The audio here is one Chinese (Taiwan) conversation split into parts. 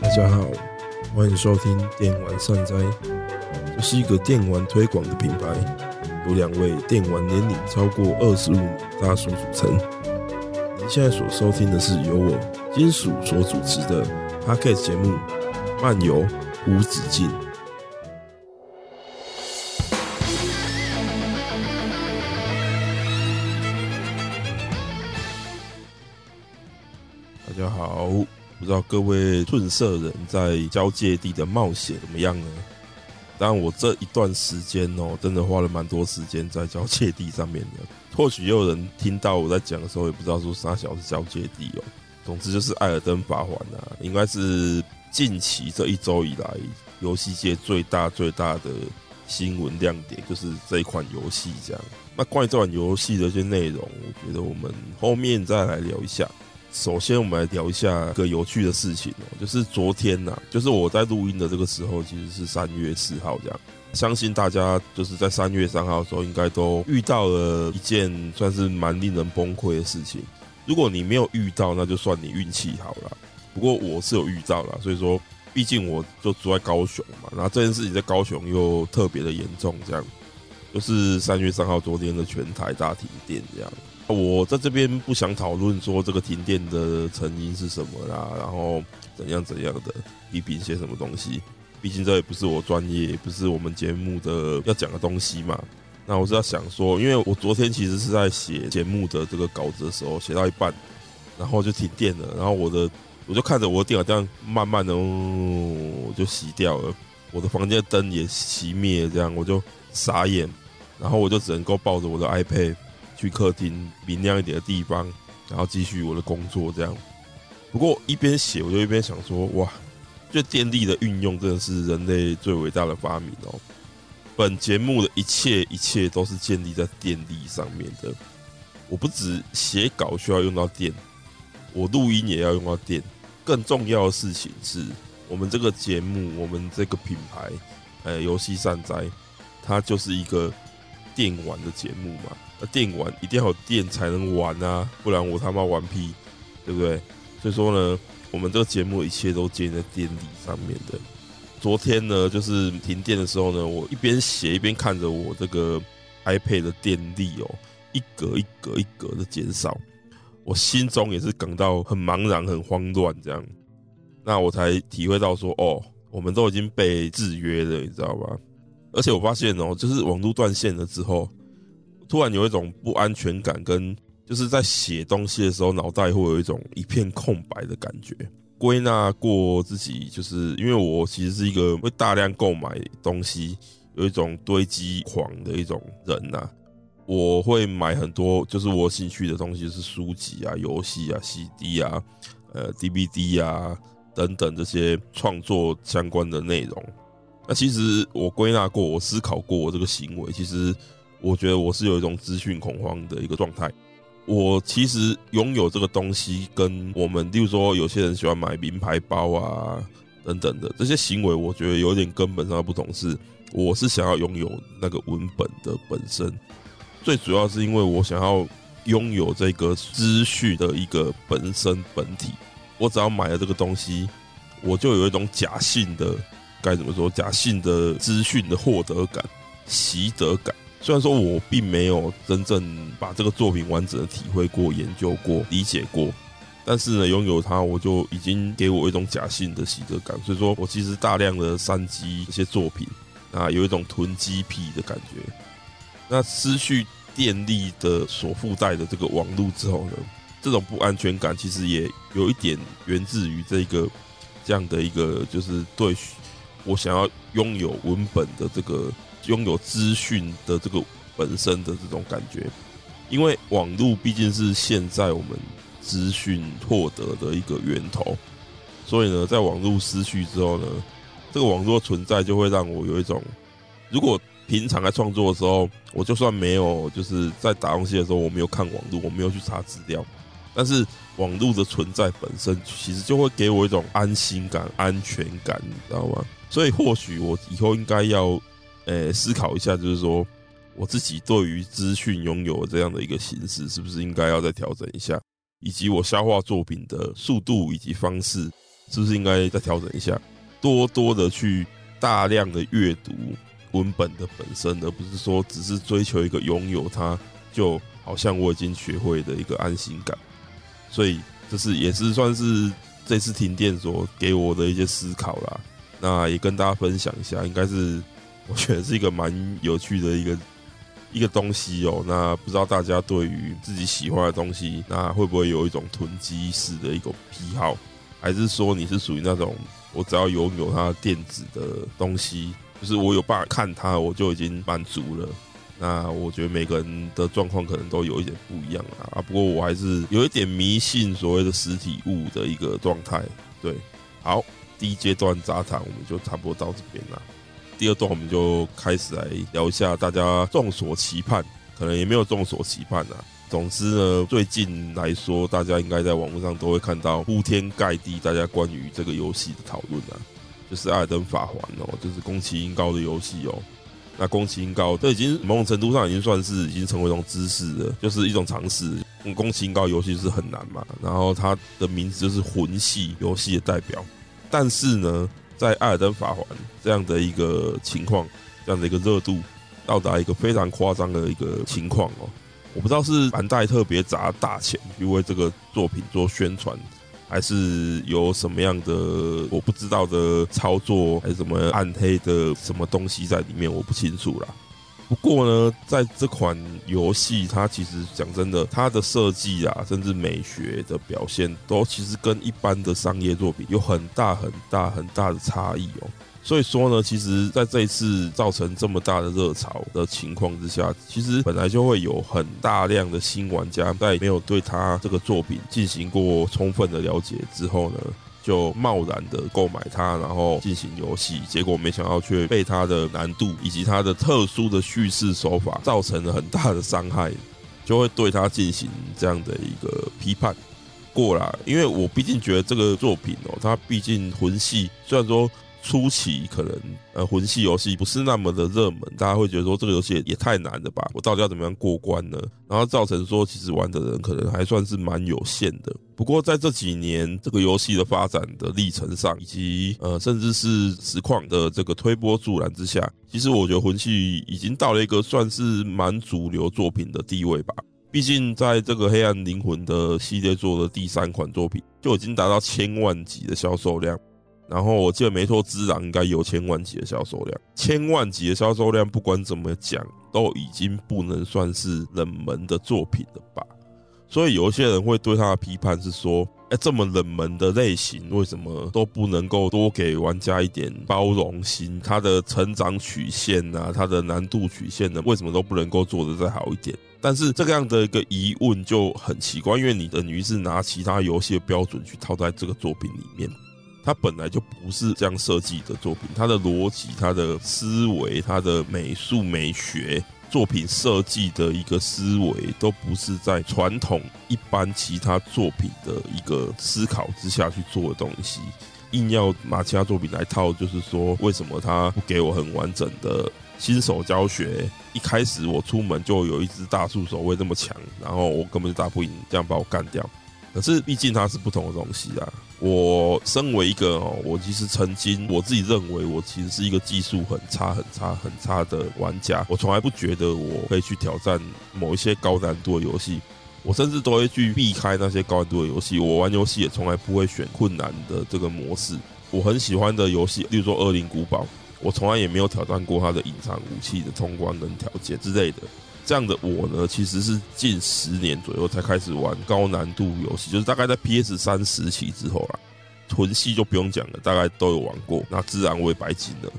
大家好，歡迎收聽電玩善哉，這是一個電玩推廣的品牌，由兩位電玩年齡超過二十五大叔組成。您現在所收聽的是由我金屬所主持的 podcast 節目《漫遊無止境》。不知道各位褪色人在交界地的冒險怎麼樣呢？當然我這一段時間哦、喔，真的花了蠻多時間在交界地上面的。或許也有人聽到我在講的時候，也不知道說啥小是交界地哦、喔。總之就是艾爾登法環啊，應該是近期這一周以來遊戲界最大最大的新聞亮點，就是這一款遊戲這樣。那關於這款遊戲的一些內容，我覺得我們後面再來聊一下。首先，我們來聊一下一個有趣的事情哦，就是昨天吶、啊，就是我在錄音的這個時候，其實是三月四號這樣。相信大家就是在三月三號的時候，應該都遇到了一件算是蠻令人崩潰的事情。如果你沒有遇到，那就算你運氣好了。不過我是有遇到了，所以說，畢竟我就住在高雄嘛，然後這件事情在高雄又特別的嚴重，這樣就是三月三號昨天的全台大停電這樣。我在這邊不想討論說這個停電的成因是什麼啦，然後怎樣怎樣的，比拼寫些什麼東西，畢竟這不也不是我專業，也不是我們節目的要講的東西嘛。那我是要想說，因為我昨天其實是在寫節目的這個稿子的時候，寫到一半，然後就停電了，然後我的我就看着我的電腦這樣慢慢的、哦、就熄掉了，我的房間燈也熄滅，這樣我就傻眼，然後我就只能夠抱着我的 iPad。去客廳明亮一點的地方，然後繼續我的工作這樣。不過一邊寫我就一邊想說，哇，這電力的運用真的是人類最偉大的發明哦。本節目的一切一切都是建立在電力上面的。我不止寫稿需要用到電，我錄音也要用到電。更重要的事情是我們這個節目，我們這個品牌，呃、欸，遊戲善哉，它就是一個電玩的節目嘛。電玩一定要有電才能玩啊，不然我他媽玩屁，對不對？所以說呢，我們這個節目一切都建在電力上面的。昨天呢，就是停電的時候呢，我一邊寫一邊看着我這個 iPad 的電力哦、喔，一格一格一格的減少，我心中也是感到很茫然、很慌亂這樣。那我才體會到說，哦，我們都已經被制約了，你知道吧？而且我發現哦、喔，就是網絡斷線了之後。突然有一種不安全感，跟就是在寫東西的時候，腦袋會有一種一片空白的感覺。歸納過自己，就是因為我其實是一個會大量購買東西，有一種堆積狂的一種人吶、啊。我會買很多，就是我興趣的東西就是書籍啊、遊戲啊、CD 啊、呃 DVD 啊等等這些創作相關的內容。那其實我歸納過，我思考過我這個行為，其實。我覺得我是有一種資訊恐慌的一個狀態。我其實擁有這個東西，跟我們，例如說有些人喜歡買名牌包啊等等的這些行為，我覺得有點根本上的不同是，我是想要擁有那個文本的本身，最主要是因為我想要擁有這個資訊的一個本身本體。我只要買了這個東西，我就有一種假性的，該怎麼說，假性的資訊的獲得感、習得感。雖然說，我並沒有真正把這個作品完整的體會過、研究過、理解過，但是呢，擁有它，我就已經給我一種假性的習得感。所以說我其實大量的三雞這些作品啊，有一種囤積癖的感覺。那失去電力的所附帶的這個網絡之後呢，這種不安全感其實也有一點源自於這個這樣的一個，就是對我想要擁有文本的這個。擁有資訊的這個本身的這種感覺，因為網絡畢竟是現在我們資訊獲得的一個源頭，所以呢，在網絡失去之後呢，這個網絡的存在就會讓我有一種，如果平常在創作的時候，我就算沒有，就是在打東西的時候我沒有看網絡，我沒有去查資料，但是網絡的存在本身其實就會給我一種安心感、安全感，你知道嗎？所以或許我以後應該要。呃、欸，思考一下，就是說，我自己對於資訊擁有這樣的一個形式，是不是應該要再調整一下？以及我消化作品的速度以及方式，是不是應該再調整一下？多多的去大量的閱讀文本的本身，而不是說只是追求一個擁有它就好像我已經學會的一個安心感。所以，這、就是也是算是這次停電所給我的一些思考啦。那也跟大家分享一下，應該是。我覺得是一個蠻有趣的一個一個東西哦。那不知道大家對於自己喜歡的東西，那會不會有一種囤積式的一個癖好，還是說你是屬於那種我只要有擁有它電子的東西，就是我有辦法看它，我就已經滿足了？那我覺得每個人的狀況可能都有一點不一樣啊。啊，不過我還是有一點迷信所謂的實體物的一個狀態。對，好，第一階段雜談我們就差不多到這邊了。第二段，我們就開始來聊一下大家眾所期盼，可能也沒有眾所期盼啊。總之呢，最近來說，大家應該在網絡上都會看到鋪天蓋地，大家關於這個遊戲的討論啊，就是《艾登法環》哦，就是宮崎英高的遊戲哦。那宮崎英高，這已經某種程度上已經算是已經成為一種知識了，就是一種嘗試。宮崎英高遊戲是很難嘛，然後它的名字就是魂系遊戲的代表，但是呢。在《艾爾登法環》這樣的一個情況，這樣的一個熱度，到達一個非常誇張的一個情況哦，我不知道是萬代特別砸大錢去為這個作品做宣傳，還是有什麼樣的我不知道的操作，還是什麼暗黑的什麼東西在裡面，我不清楚啦。不過呢，在這款遊戲，它其實講真的，它的設計啊，甚至美學的表現，都其實跟一般的商業作品有很大、很大、很大的差異哦。所以說呢，其實在這一次造成這麼大的熱潮的情況之下，其實本來就會有很大量的新玩家，在沒有對他這個作品進行過充分的了解之後呢，就貿然的購買它，然後進行遊戲，結果沒想到卻被它的難度以及它的特殊的敘事手法造成了很大的傷害，就會對它進行這樣的一個批判過來。因為我畢竟覺得這個作品哦，它畢竟魂系，雖然說。初期可能呃魂系遊戲不是那麼的熱門，大家會覺得說這個遊戲也也太難了吧？我到底要怎麼樣過關呢？然後造成說其實玩的人可能還算是蠻有限的。不過在這幾年這個遊戲的發展的歷程上，以及呃甚至是實況的這個推波助瀾之下，其實我覺得魂系已經到了一個算是蠻主流作品的地位吧。畢竟在這個黑暗靈魂的系列作的第三款作品就已經達到千萬級的銷售量。然後我記得沒錯，自然應該有千萬級的銷售量。千萬級的銷售量，不管怎麼講，都已經不能算是冷門的作品了吧？所以有一些人會對他的批判是說：“哎，這麼冷門的類型，為什麼都不能夠多給玩家一點包容心？他的成長曲線啊，他的難度曲線呢，為什麼都不能夠做得再好一點？”但是這個樣的一個疑問就很奇怪，因為你等於是拿其他遊戲的標準去套在這個作品裡面。他本來就不是這樣設計的作品，他的邏輯、他的思維、他的美術美學作品設計的一個思維，都不是在傳統一般其他作品的一個思考之下去做的東西。硬要拿其他作品來套，就是說，為什麼他不給我很完整的新手教學？一開始我出門就有一隻大樹守衛這麼強，然後我根本就打不贏，這樣把我幹掉。可是畢竟它是不同的東西啊！我身為一個哦、喔，我其實曾經我自己認為我其實是一個技術很差很差很差的玩家，我從來不覺得我可以去挑戰某一些高難度的遊戲，我甚至都會去避開那些高難度的遊戲。我玩遊戲也從來不會選困難的這個模式。我很喜歡的遊戲，例如說《惡靈古堡》，我從來也沒有挑戰過它的隱藏武器的通關跟條件之類的。這樣的我呢，其實是近十年左右才開始玩高難度遊戲，就是大概在 PS 三時期之後啦。魂系就不用講了，大概都有玩過。那自然我也白金了。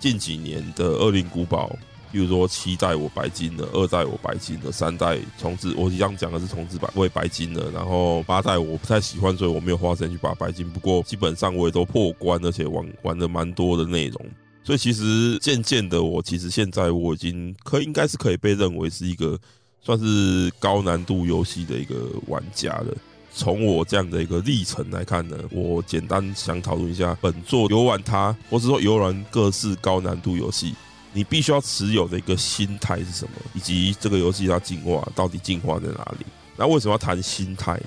近幾年的《惡靈古堡》，比如說七代我白金了，二代我白金了，三代重置，我一樣講的是重置版，我也白金了。然後八代我不太喜歡，所以我沒有花錢去把白金。不過基本上我也都破關，而且玩玩的蠻多的內容。所以其實漸漸的，我其實現在我已經可以應該是可以被認為是一個算是高難度遊戲的一個玩家了。從我這樣的一個歷程來看呢，我簡單想討論一下本作遊玩它，或是說遊玩各式高難度遊戲，你必須要持有的一個心態是什麼，以及這個遊戲它進化到底進化在哪裡？那為什麼要談心態呢？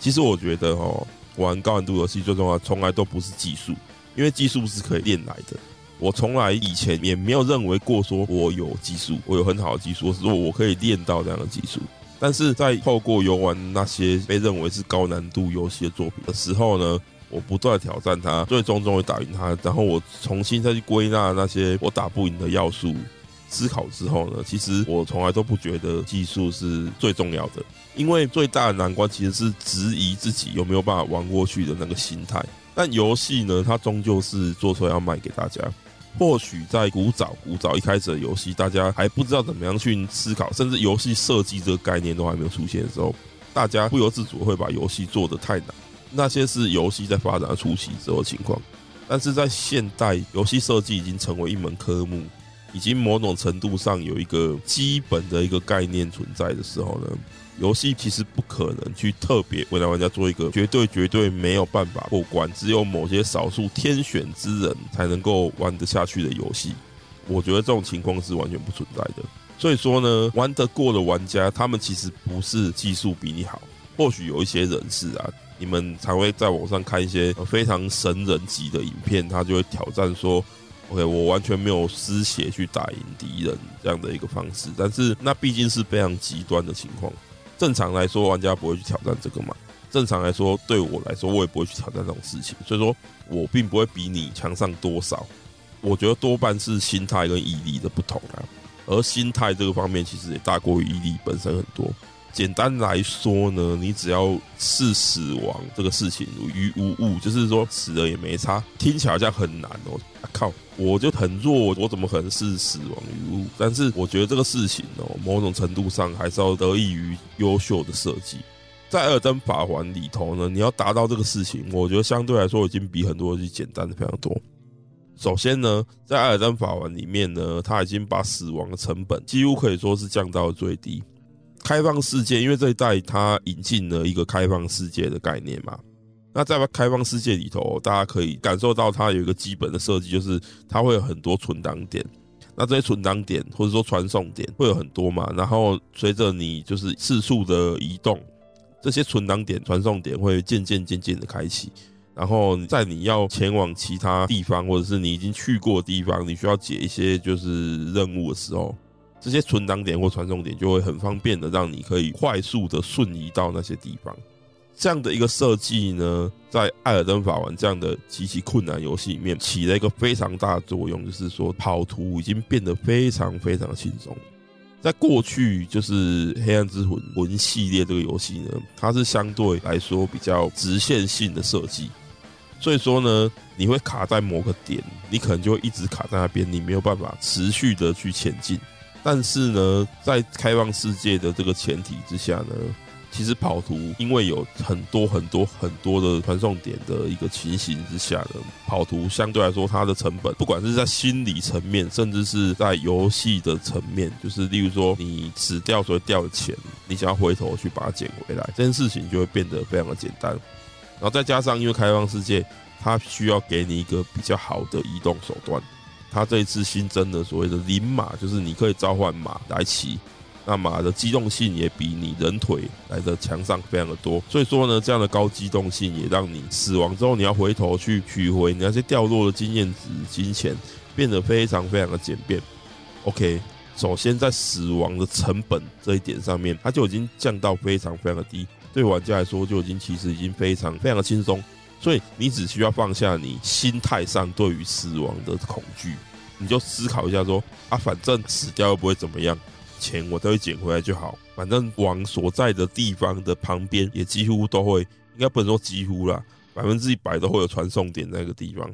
其實我覺得哦，玩高難度遊戲最重要，從來都不是技術，因為技術是可以練來的。我從來以前也沒有認為過說我有技術，我有很好的技術，我是說我可以練到這樣的技術。但是在透過遊玩那些被認為是高難度遊戲的作品的時候呢，我不斷挑戰它，最終終於打贏它。然後我重新再去歸納那些我打不贏的要素，思考之後呢，其實我從來都不覺得技術是最重要的，因為最大的難關其實是質疑自己有沒有辦法玩過去的那個心態。但遊戲呢，它終究是做出來要賣給大家。或許在古早古早一開始的遊戲，大家還不知道怎麼樣去思考，甚至遊戲設計這個概念都還沒有出現的時候，大家不由自主會把遊戲做得太難。那些是遊戲在發展初期時候的情況，但是在現代，遊戲設計已經成為一門科目。已經某種程度上有一個基本的一個概念存在的時候呢，遊戲其實不可能去特別為玩家做一個絕對絕對沒有辦法過關，只有某些少數天選之人才能夠玩得下去的遊戲。我覺得這種情況是完全不存在的。所以說呢，玩得過的玩家，他們其實不是技術比你好，或許有一些人士啊，你們才會在網上看一些非常神人級的影片，他就會挑戰說。OK，我完全沒有失血去打贏敵人這樣的一個方式，但是那畢竟是非常極端的情況。正常來說，玩家不會去挑戰這個嘛。正常來說，對我來說，我也不會去挑戰這種事情。所以說我並不會比你強上多少。我覺得多半是心態跟毅力的不同啊。而心態這個方面，其實也大過於毅力本身很多。簡單來說呢，你只要視死亡這個事情如於無物，就是說死了也沒差。聽起來好像很難哦，啊、靠！我就很弱，我怎麼可能視死亡於物？但是我覺得這個事情哦，某種程度上還是要得益於優秀的設計。在艾爾登法環裡頭呢，你要達到這個事情，我覺得相對來說已經比很多東西簡單的非常多。首先呢，在艾爾登法環裡面呢，他已經把死亡的成本幾乎可以說是降到最低。開放世界，因為這一代它引進了一個開放世界的概念嘛。那在開放世界裡頭，大家可以感受到它有一個基本的設計，就是它會有很多存檔點。那這些存檔點或者說傳送點會有很多嘛。然後隨着你就是四處的移動，這些存檔點傳送點會漸漸漸漸的開啟。然後在你要前往其他地方，或者是你已經去過的地方，你需要解一些就是任務的時候。這些存檔點或傳送點就會很方便的，讓你可以快速的瞬移到那些地方。這樣的一個設計呢，在《艾爾登法環》這樣的極其困難遊戲裡面起了一個非常大的作用，就是說跑圖已經變得非常非常輕鬆。在過去，就是《黑暗之魂》魂系列這個遊戲呢，它是相對來說比較直線性的設計，所以說呢，你會卡在某個點，你可能就會一直卡在那邊，你沒有辦法持續的去前進。但是呢，在開放世界的這個前提之下呢，其實跑圖因為有很多很多很多的傳送點的一個情形之下呢，跑圖，相對來說它的成本，不管是在心理層面，甚至是在遊戲的層面，就是例如說你死掉所掉的錢，你想要回頭去把它撿回來，這件事情就會變得非常的簡單。然後再加上因為開放世界，它需要給你一個比較好的移動手段。它這一次新增的所謂的靈馬，就是你可以召喚馬來騎，那馬的機動性也比你人腿來的強上非常的多。所以說呢，這樣的高機動性也讓你死亡之後你要回頭去取回你那些掉落的經驗值、金錢，變得非常非常的簡便。OK，首先在死亡的成本這一點上面，它就已經降到非常非常的低，對玩家來說就已經其實已經非常非常的輕鬆。所以你只需要放下你心態上對於死亡的恐懼，你就思考一下說啊，反正死掉又不會怎麼樣，錢我都會撿回來就好。反正往所在的地方的旁邊也幾乎都會，應該不能說幾乎啦，百分之一百都會有傳送點那個地方。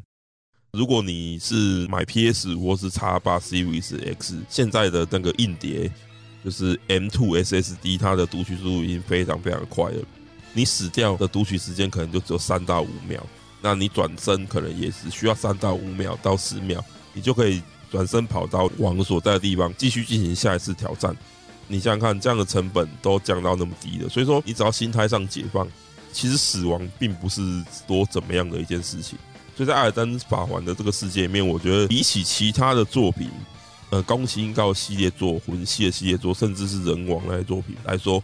如果你是買 PS5 或是 Xbox Series X 現在的那個硬碟，就是 M two SSD，它的讀取速度已經非常非常快了。你死掉的讀取時間可能就只有三到五秒，那你轉身可能也只需要三到五秒到十秒，你就可以轉身跑到王所在的地方，繼續進行下一次挑戰。你想想看，這樣的成本都降到那麼低了，所以說你只要心態上解放，其實死亡並不是多怎麼樣的一件事情。所以在《艾爾登法環》的這個世界裡面，我覺得比起其他的作品，呃，宮崎英高的系列作、魂系列系列作，甚至是《人王》那些作品來說，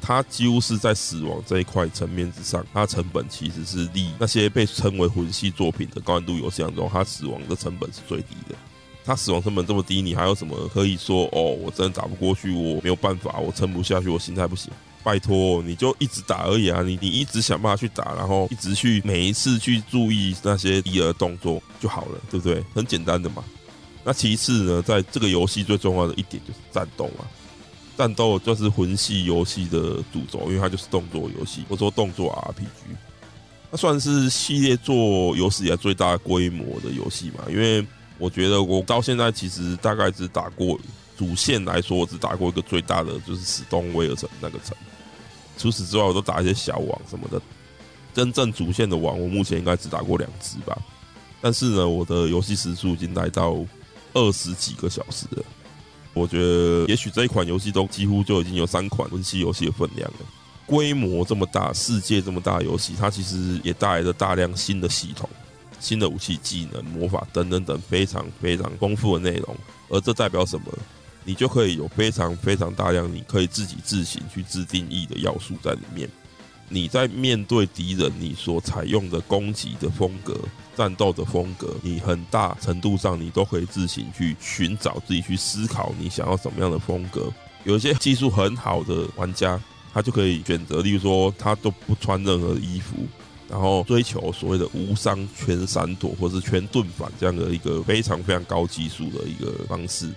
它幾乎是在死亡這一塊層面之上，它成本其實是低那些被稱為魂系作品的高難度遊戲當中，它死亡的成本是最低的。它死亡成本這麼低，你還有什麼可以說？哦，我真的打不過去，我沒有辦法，我撐不下去，我心態不行。拜託，你就一直打而已啊！你你一直想辦法去打，然後一直去每一次去注意那些敵人的動作就好了，對不對？很簡單的嘛。那其次呢，在這個遊戲最重要的一點就是戰鬥啊。戰鬥就是魂系遊戲的主軸，因為它就是動作遊戲，或說動作 RPG。它算是系列作有史以來最大規模的遊戲嘛？因為我覺得我到現在其實大概只打過主線來說，我只打過一個最大的，就是史東威爾城那個城。除此之外，我都打一些小王什麼的。真正主線的王，我目前應該只打過兩只吧。但是呢，我的遊戲時數已經來到二十幾個小時了。我覺得，也許這一款遊戲中幾乎就已經有三款魂系遊戲的分量了。規模這麼大、世界這麼大，遊戲它其實也帶來了大量新的系統、新的武器、技能、魔法等等等非常非常豐富的內容。而這代表什麼？你就可以有非常非常大量你可以自己自行去自定義的要素在裡面。你在面對敵人，你所採用的攻擊的風格、戰鬥的風格，你很大程度上你都可以自行去尋找、自己去思考，你想要什麼樣的風格。有一些技術很好的玩家，他就可以選擇，例如說他都不穿任何衣服，然後追求所謂的無傷全閃躲或是全盾反這樣的一個非常非常高技術的一個方式。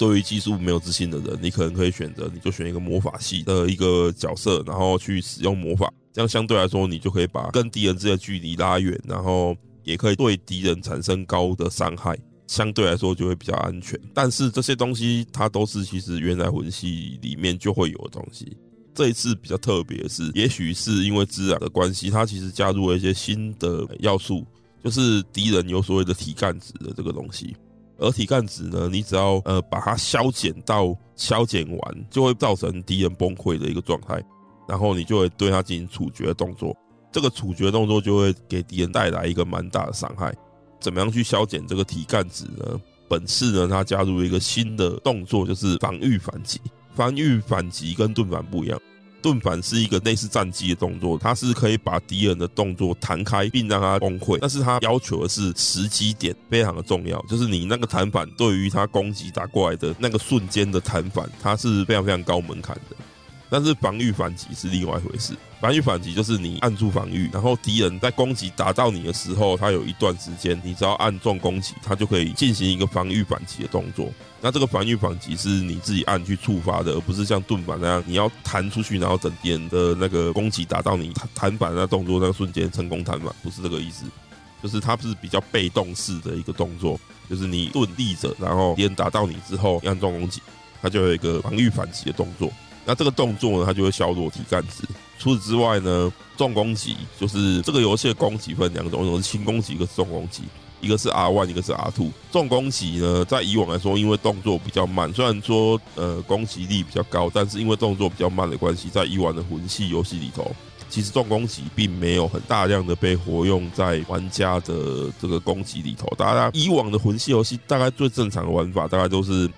對於技術沒有自信的人，你可能可以選擇，你就選一個魔法系的一個角色，然後去使用魔法，這樣相對來說你就可以把跟敵人之間的距離拉遠，然後也可以對敵人產生高的傷害，相對來說就會比較安全。但是這些東西它都是其實原來魂系裡面就會有的東西。這一次比較特別是，也許是因為自然的關係，它其實加入了一些新的要素，就是敵人有所謂的體幹值的這個東西。而體幹值呢，你只要呃把它削減到削減完，就會造成敵人崩潰的一個狀態，然後你就會對它進行處決的動作，這個處決動作就會給敵人帶來一個蠻大的傷害。怎麼樣去削減這個體幹值呢？本次呢，它加入了一個新的動作，就是防禦反擊。防禦反擊跟盾反不一樣。盾反是一個類似戰機的動作，它是可以把敵人的動作彈開，並讓他崩潰。但是它要求的是時機點非常的重要，就是你那個彈反對於他攻擊打過來的那個瞬間的彈反，它是非常非常高門檻的。但是防禦反擊是另外一回事，防禦反擊就是你按住防禦，然後敵人在攻擊打到你的時候，它有一段時間，你只要按中攻擊，它就可以進行一個防禦反擊的動作。那這個防禦反擊是你自己按去觸發的，而不是像盾板那樣，你要彈出去，然後等敵人的那個攻擊打到你彈彈板的那動作那個瞬間成功彈板，不是這個意思。就是它是比較被動式的一個動作，就是你盾立着，然後敵人打到你之後你按重攻擊，它就有一個防禦反擊的動作。那這個動作呢，它就會削弱體幹值。除此之外呢，重攻擊就是這個遊戲的攻擊分兩種，一種是輕攻擊，一個重攻擊。一個是 R one，一個是 R two。重攻擊呢，在以往來說，因為動作比較慢，雖然說呃攻擊力比較高，但是因為動作比較慢的關係，在以往的魂系遊戲裡頭，其實重攻擊並沒有很大量的被活用在玩家的這個攻擊裡頭。大家以往的魂系遊戲，大概最正常的玩法大概就是，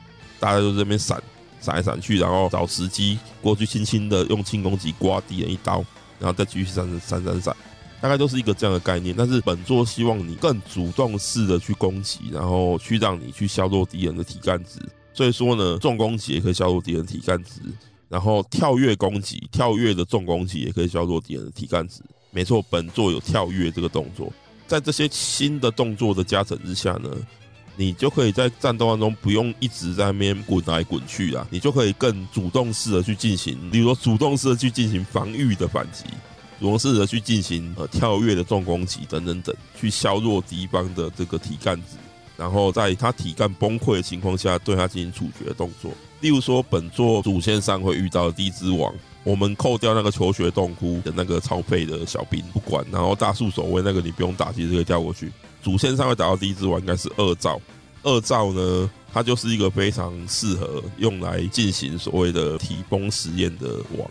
大概都是大家都在那邊閃閃來閃去，然後找時機過去輕輕的用輕攻擊刮敵人一刀，然後再繼續閃閃閃閃。大概都是一個這樣的概念，但是本作希望你更主動式的去攻擊，然後去讓你去削弱敵人的體幹值。所以說呢，重攻擊也可以削弱敵人的體幹值，然後跳躍攻擊、跳躍的重攻擊也可以削弱敵人的體幹值。沒錯，本作有跳躍這個動作，在這些新的動作的加成之下呢，你就可以在戰鬥當中不用一直在那邊滾來滾去啊，你就可以更主動式的去進行，比如說主動式的去進行防禦的反擊。嘗試着去進行呃跳躍的重攻擊等等等，去削弱敵方的這個體幹值，然後在他體幹崩潰的情況下，對他進行處決的動作。例如說，本作主線上會遇到第一隻王，我們扣掉那個求學洞窟的那個超配的小兵不管，然後大樹守衛那個你不用打擊，直接跳過去。主線上會打到第一隻王，應該是二兆。二兆呢，它就是一個非常適合用來進行所謂的體崩實驗的王。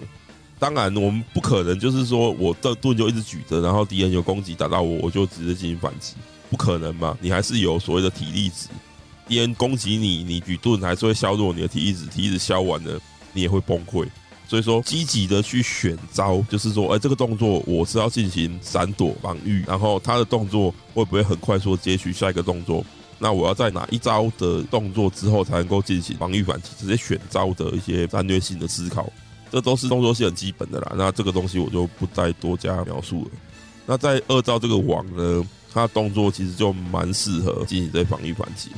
當然，我們不可能就是說，我這盾就一直舉着，然後敵人有攻擊打到我，我就直接進行反擊，不可能嘛？你還是有所謂的體力值，敵人攻擊你，你舉盾還是會削弱你的體力值，體力值削完了，你也會崩潰。所以說，積極的去選招，就是說，誒，這個動作我是要進行閃躲防禦，然後他的動作會不會很快速的接續下一個動作？那我要在哪一招的動作之後才能夠進行防禦反擊？直接選招的一些戰略性的思考。這都是動作是很基本的啦，那這個東西我就不再多加描述了。那在二招這個王呢，它的動作其實就蠻適合進行這些防禦反擊，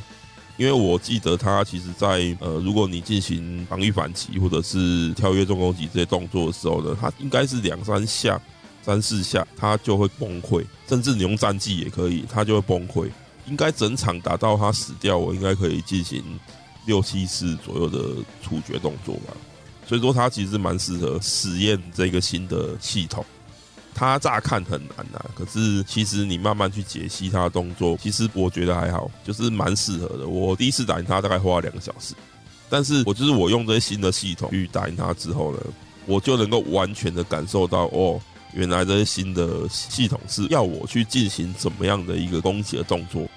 因為我記得它其實在，在呃，如果你進行防禦反擊或者是跳躍重攻擊這些動作的時候呢，它應該是兩三下、三四下它就會崩潰，甚至你用戰技也可以，它就會崩潰。應該整場打到它死掉，我應該可以進行六七次左右的處決動作吧。所以說，他其實蠻適合實驗這個新的系統。他乍看很難吶，可是其實你慢慢去解析他的動作，其實我覺得還好，就是蠻適合的。我第一次打贏他大概花了兩個小時，但是我就是我用這些新的系統去打贏他之後呢，我就能夠完全的感受到哦，原來這些新的系統是要我去進行怎麼樣的一個攻擊的動作。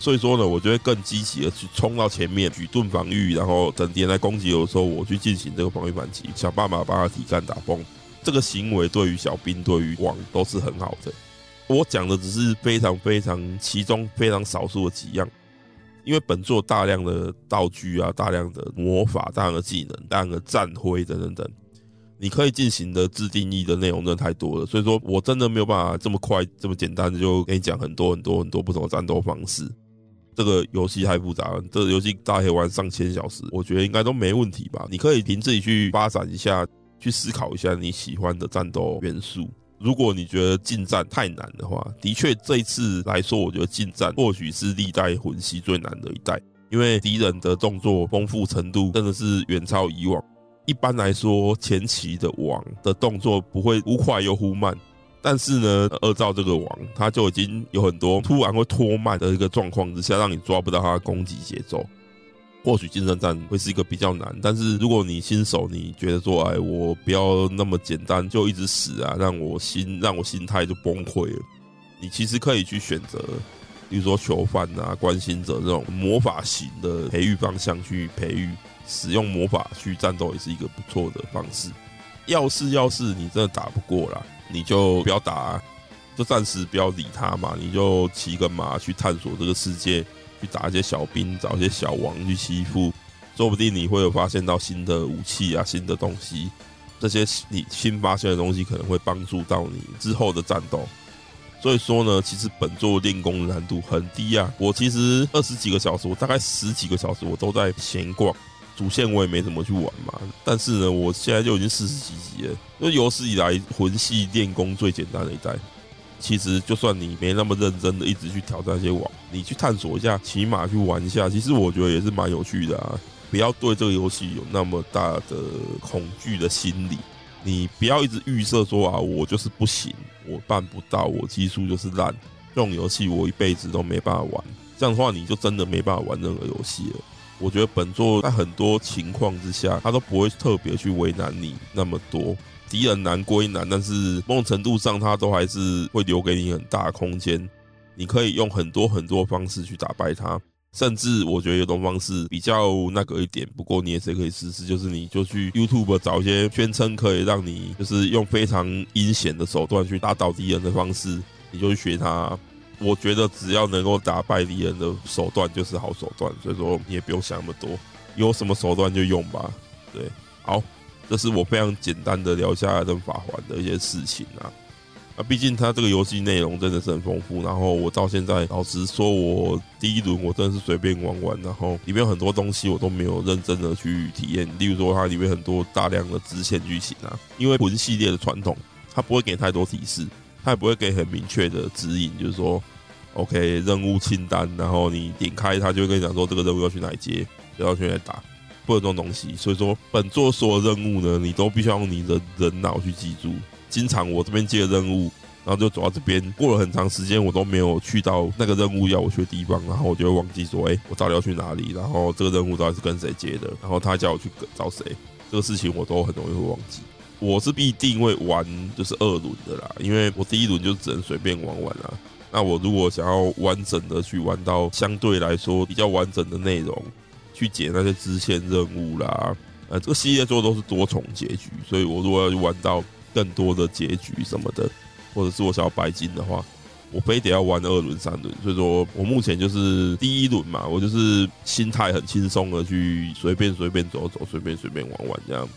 所以說呢，我就會更積極的去衝到前面，舉盾防禦，然後等敵人來攻擊我的時候，我去進行這個防禦反擊，想辦法把他體幹打崩。這個行為對於小兵、對於王都是很好的。我講的只是非常非常其中非常少數的幾樣，因為本作有大量的道具啊，大量的魔法，大量的技能，大量的戰灰等等等，你可以進行的自定義的內容真的太多了。所以說我真的沒有辦法這麼快這麼簡單就跟你講很多很多很多不同的戰鬥方式。這個遊戲太複雜了，這個遊戲大家可以玩上千小時，我覺得應該都沒問題吧。你可以憑自己去發展一下，去思考一下你喜歡的戰鬥元素。如果你覺得近戰太難的話，的確這一次來說，我覺得近戰或許是歷代魂系最難的一代，因為敵人的動作豐富程度真的是遠超以往。一般來說，前期的王的動作不會忽快又忽慢。但是呢，惡兆這個王他就已經有很多突然會拖慢的一個狀況之下，讓你抓不到他的攻擊節奏。或許近身戰會是一個比較難，但是如果你新手，你覺得說哎，我不要那麼簡單就一直死啊，讓我心讓我心態就崩潰了。你其實可以去選擇，比如說囚犯啊、關心者這種魔法型的培育方向去培育，使用魔法去戰鬥也是一個不錯的方式。要是要是你真的打不過啦。你就不要打啊，就暫時不要理他嘛。你就騎個馬去探索這個世界，去打一些小兵，找一些小王去欺負。說不定你會有發現到新的武器啊、新的東西。這些你新發現的東西可能會幫助到你之後的戰鬥。所以說呢，其實本作練功難度很低啊。我其實二十幾個小時，我大概十幾個小時，我都在閒逛。主線我也沒怎麼去玩嘛，但是呢，我現在就已經四十幾級了，因為有史以來魂系練功最簡單的一代。其實，就算你沒那麼認真的一直去挑戰一些王，你去探索一下，起碼去玩一下，其實我覺得也是蠻有趣的啊。不要對這個遊戲有那麼大的恐懼的心理，你不要一直預設說啊，我就是不行，我辦不到，我技術就是爛，這種遊戲我一輩子都沒辦法玩。這樣的話，你就真的沒辦法玩任何遊戲了。我覺得本作在很多情況之下，他都不會特別去為難你那麼多。敵人難歸難，但是某種程度上，他都還是會留給你很大的空間。你可以用很多很多方式去打敗他，甚至我覺得有種方式比較那個一點，不過你也誰可以試試，就是你就去 YouTube 找一些宣稱可以讓你就是用非常陰險的手段去打倒敵人的方式，你就去學他。我覺得只要能夠打敗敵人的手段就是好手段，所以說你也不用想那麼多，有什麼手段就用吧。對，好，這是我非常簡單的聊下艾爾登法環的一些事情啊。那畢竟它這個遊戲內容真的是很豐富，然後我到現在老實說，我第一輪我真的是隨便玩玩，然後裡面有很多東西我都沒有認真的去體驗，例如說它裡面很多大量的支線劇情啊，因為魂系列的傳統，它不會給太多提示。他也不會給很明確的指引，就是說，OK，任務清單，然後你點開，他就會跟你講說，這個任務要去哪裡接，然後要去哪裡打，沒有這種東西。所以說，本作所有任務呢，你都必須要用你的人腦去記住。經常我這邊接任務，然後就走到這邊，過了很長時間，我都沒有去到那個任務要我去的地方，然後我就會忘記說，誒、欸，我到底要去哪裡？然後這個任務到底是跟誰接的？然後他叫我去跟找誰？這個事情我都很容易會忘記。我是必定會玩就是二輪的啦，因為我第一輪就只能隨便玩玩啦。那我如果想要完整的去玩到相對來說比較完整的內容，去解那些支線任務啦，呃，這個系列做的都是多重結局，所以我如果要去玩到更多的結局什麼的，或者是我想要白金的話，我非得要玩二輪三輪。所以說我目前就是第一輪嘛，我就是心態很輕鬆的去隨便隨便走走，隨便隨便玩玩這樣。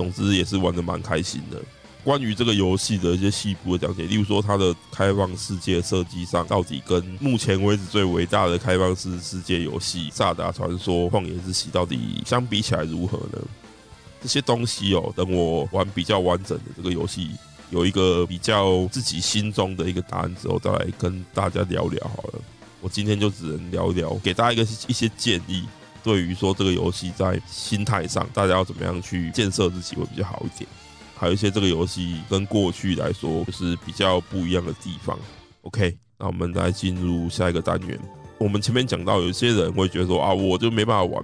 總之也是玩得蠻開心的。關於這個遊戲的一些細部的講解，例如說它的開放世界設計上到底跟目前為止最偉大的開放式世界遊戲《薩爾達傳說》《曠野之息》到底相比起來如何呢？這些東西哦，等我玩比較完整的這個遊戲，有一個比較自己心中的一個答案之後，再來跟大家聊聊好了。我今天就只能聊一聊，給大家一個一些建議。對於說這個遊戲在心態上，大家要怎麼樣去建設自己會比較好一點？還有一些這個遊戲跟過去來說就是比較不一樣的地方。OK，那我們來進入下一個單元。我們前面講到，有些人會覺得說啊，我就沒辦法玩。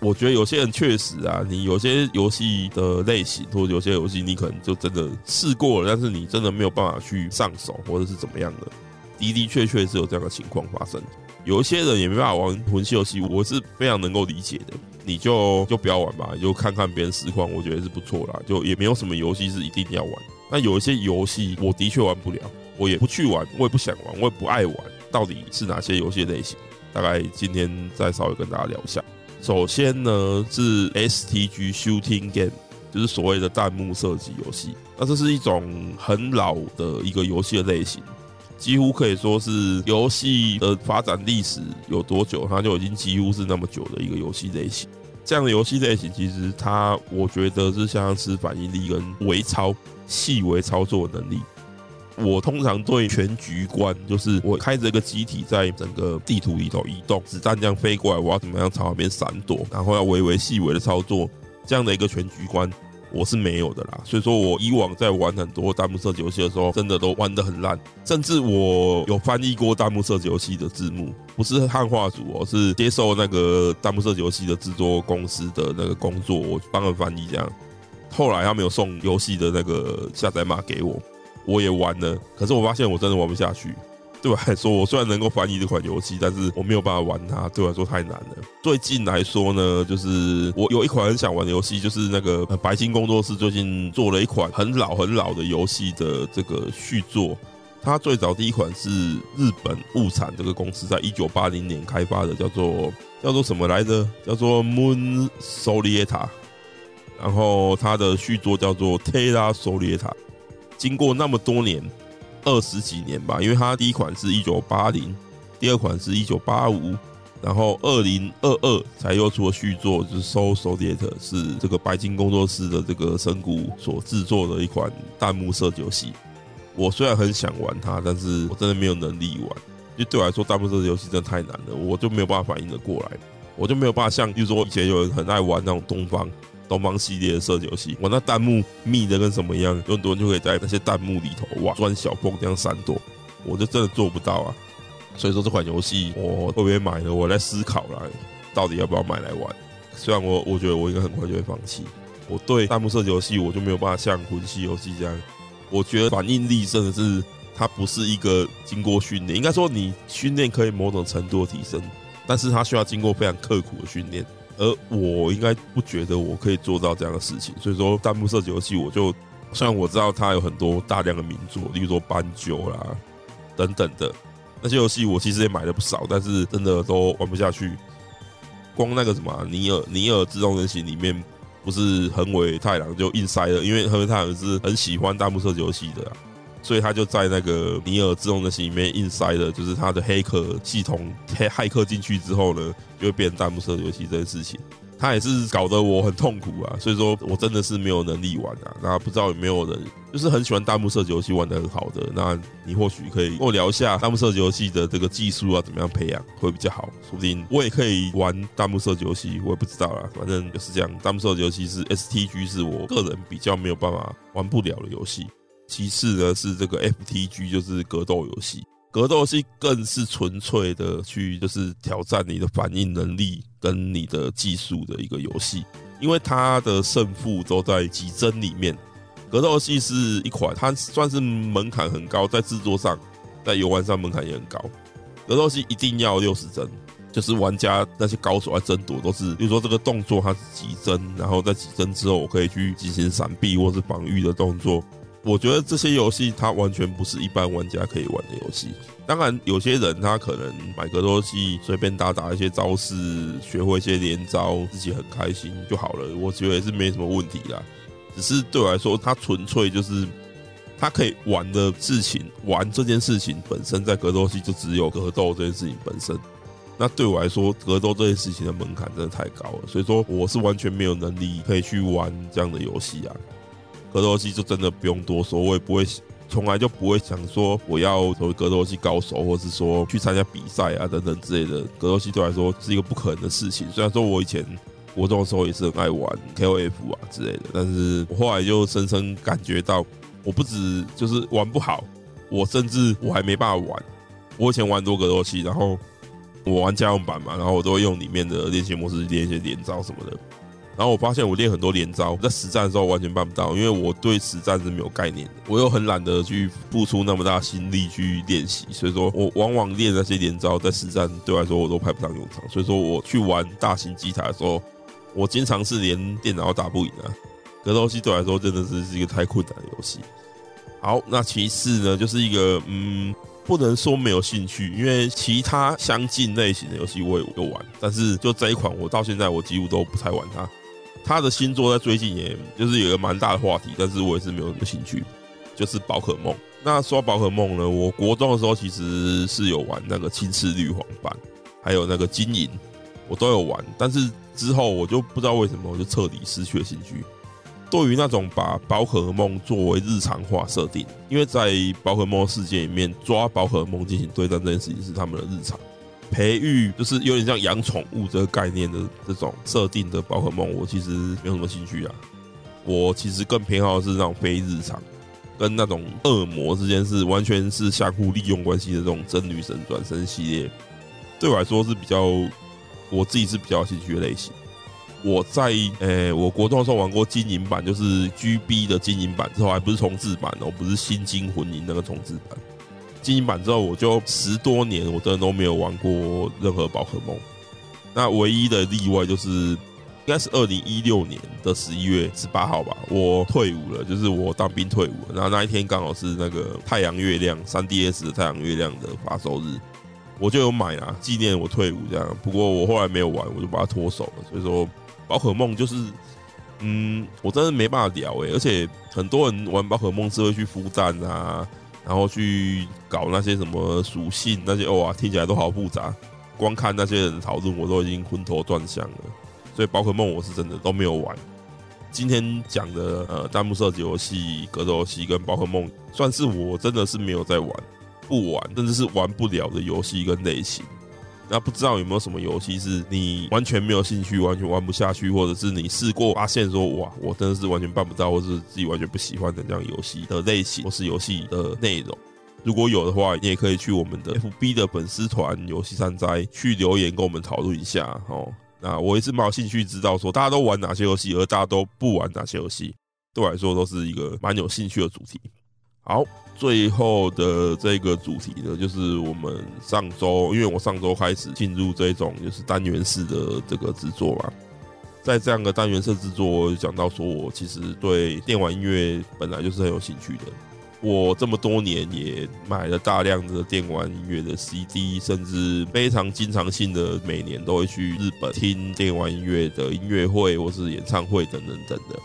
我覺得有些人確實啊，你有些遊戲的類型，或者有些遊戲，你可能就真的試過了，但是你真的沒有辦法去上手，或者是怎麼樣的，的的確確是有這樣的情況發生。有一些人也沒辦法玩魂系遊戲，我是非常能夠理解的，你就就不要玩吧，你就看看別人實況，我覺得是不錯啦。就也沒有什麼遊戲是一定要玩。那有一些遊戲我的確玩不了，我也不去玩，我也不想玩，我也不愛玩。到底是哪些遊戲類型？大概今天再稍微跟大家聊一下。首先呢是 STG Shooting Game，就是所謂的彈幕射擊遊戲。那這是一種很老的一個遊戲的類型。幾乎可以說是遊戲的發展歷史有多久，它就已經幾乎是那麼久的一個遊戲類型。這樣的遊戲類型，其實它，我覺得是像是反應力跟微操、細微操作的能力。我通常對全局觀，就是我開着一個機體，在整個地圖裡頭移動，子彈這樣飛過來，我要怎麼樣朝那邊閃躲，然後要微微細微的操作這樣的一個全局觀。我是沒有的啦，所以說我以往在玩很多彈幕射擊遊戲的時候，真的都玩的很爛。甚至我有翻譯過彈幕射擊遊戲的字幕，不是漢化組哦，我是接受那個彈幕射擊遊戲的制作公司的那個工作，我幫他們翻譯這樣。後來他們有送遊戲的那個下載碼給我，我也玩了，可是我發現我真的玩不下去。對我來說，我雖然能夠翻譯這款遊戲，但是我沒有辦法玩它。對我來說太難了。最近來說呢，就是我有一款很想玩的遊戲，就是那個白金工作室最近做了一款很老很老的遊戲的這個續作。它最早第一款是日本物產這個公司在一九八零年開發的，叫做叫做什麼來着？叫做 Moon Solita。然後它的續作叫做 Terra Solita。經過那麼多年。二十幾年吧，因為它第一款是一九八零，第二款是一九八五，然後二零二二才又出了續作，就是《Sol Cresta》是這個白金工作室的這個神谷所制作的一款彈幕射擊遊戲。我雖然很想玩它，但是我真的沒有能力玩，就對我來說彈幕射擊遊戲真的太難了，我就沒有辦法反應得過來，我就沒有辦法像，就是說以前有人很愛玩那種東方。光芒系列的射擊遊戲，我那彈幕密的跟什麼一樣，有很多人就可以在那些彈幕裡頭哇鑽小縫這樣閃躲，我就真的做不到啊。所以說，這款遊戲我會不會買呢？我在思考啦，到底要不要買來玩？雖然我我覺得我應該很快就會放棄。我對彈幕射擊遊戲我就沒有辦法像魂系遊戲這樣，我覺得反應力真的是，它不是一個經過訓練，應該說，你訓練可以某種程度的提升，但是它需要經過非常刻苦的訓練，而我應該不覺得我可以做到這樣的事情，所以說彈幕射擊遊戲我就雖然我知道它有很多大量的名作，例如說斑鳩啦等等的那些遊戲，我其實也買了不少，但是真的都玩不下去。光那個什麼尼爾尼爾自動人形裡面，不是橫尾太郎就硬塞了，因為橫尾太郎是很喜歡彈幕射擊遊戲的啦。所以他就在那個尼爾自動的心裡面硬塞了，Inside, 就是他的黑客系統，黑駭客進去之後呢，就會變成彈幕射擊遊戲這件事情。他也是搞得我很痛苦啊，所以說我真的是沒有能力玩啊。那不知道有沒有人就是很喜歡彈幕射擊遊戲玩的很好的，那你或許可以跟我聊一下彈幕射擊遊戲的這個技術啊，怎麼樣培養會比較好？說不定我也可以玩彈幕射擊遊戲，我也不知道啦，反正就是這樣，彈幕射擊遊戲是 STG，是我個人比較沒有辦法玩不了的遊戲。其次呢，是這個 FTG，就是格鬥遊戲。格鬥遊戲更是純粹的去，就是挑戰你的反應能力跟你的技術的一個遊戲。因為它的勝負都在幾幀裡面。格鬥遊戲是一款，它算是門檻很高，在製作上，在遊玩上門檻也很高。格鬥遊戲一定要六十幀，就是玩家那些高手在爭奪，都是比如說這個動作它是幾幀，然後在幾幀之後，我可以去進行閃避或是防禦的動作。我覺得這些遊戲它完全不是一般玩家可以玩的遊戲。當然，有些人他可能買格鬥戲，隨便打打一些招式，學會一些連招，自己很開心就好了。我覺得也是沒什麼問題啦。只是對我來說，它純粹就是他可以玩的事情，玩這件事情本身，在格鬥戲就只有格鬥這件事情本身。那對我來說，格鬥這件事情的門檻真的太高了，所以說我是完全沒有能力可以去玩這樣的遊戲啊。格鬥系就真的不用多說，我也不會，從來就不會想說我要成為格鬥系高手，或者是說去參加比賽啊等等之類的。格鬥系對我來說是一個不可能的事情。雖然說我以前國中時候也是很愛玩 KOF 啊之類的，但是我後來就深深感覺到，我不止就是玩不好，我甚至我還沒辦法玩。我以前玩多格鬥系，然後我玩家用版嘛，然後我都會用裡面的練習模式練一些連招什麼的。然後我發現我練很多連招，在實戰的時候完全辦不到，因為我對實戰是沒有概念的，我又很懶得去付出那麼大的心力去練習，所以說我往往練那些連招，在實戰對我來說我都派不上用場，所以說我去玩大型機台的時候，我經常是連電腦都打不贏啊。格鬥機，對我來說真的是是一個太困難的遊戲。好，那其次呢，就是一個嗯，不能說沒有興趣，因為其他相近類型的遊戲我也有玩，但是就這一款，我到現在我幾乎都不太玩它。他的新作在最近，也就是有一個蠻大的話題，但是我也是沒有什麼興趣，就是寶可夢。那說寶可夢呢，我國中的時候其實是有玩那個青赤綠黃版，還有那個金銀，我都有玩，但是之後我就不知道為什麼，我就徹底失去了興趣。對於那種把寶可夢作為日常化設定，因為在寶可夢世界裡面抓寶可夢進行對戰這件事情是他們的日常。培育就是有點像養寵物這個概念的這種設定的寶可夢，我其實沒有什麼興趣啊。我其實更偏好的是那種非日常跟那種惡魔之間是完全是相互利用關係的這種真女神轉生系列，對我來說是比較我自己是比較有興趣的類型。我在誒、欸，我國中的時候玩過金銀版，就是 GB 的金銀版之後，還不是重製版哦，我不是心金魂銀那個重製版。金銀版之後，我就十多年我真的都沒有玩過任何寶可夢。那唯一的例外就是，應該是二零一六年的十一月十八號吧，我退伍了，就是我當兵退伍。然後那一天剛好是那個太陽月亮三 D S 的太陽月亮的發售日，我就有買啦，紀念我退伍這樣。不過我後來沒有玩，我就把它脫手了。所以說，寶可夢就是，嗯，我真的沒辦法聊誒、欸，而且很多人玩寶可夢是會去孵蛋啊。然後去搞那些什麼屬性，那些哦啊，聽起來都好複雜。光看那些人的討論，我都已經昏頭轉向了。所以，寶可夢我是真的都沒有玩。今天講的呃，彈幕射擊遊戲、格鬥遊戲跟寶可夢，算是我真的是沒有在玩，不玩，甚至是玩不了的遊戲跟類型。那不知道有沒有什麼遊戲是你完全沒有興趣、完全玩不下去，或者是你試過發現說哇，我真的是完全辦不到，或是自己完全不喜歡的這樣遊戲的類型或是遊戲的內容？如果有的話，你也可以去我們的 FB 的粉絲團“遊戲善哉”去留言跟我們討論一下哦。那我也是蠻有興趣知道說大家都玩哪些遊戲，而大家都不玩哪些遊戲，對我來說都是一個蠻有興趣的主題。好，最後的這個主題呢，就是我們上周，因為我上周開始進入這種就是單元式的這個制作嘛，在這樣的單元式制作我就講到說，我其實對電玩音樂本來就是很有興趣的。我這麼多年也買了大量的電玩音樂的 CD，甚至非常經常性的每年都會去日本聽電玩音樂的音樂會或是演唱會等等等等。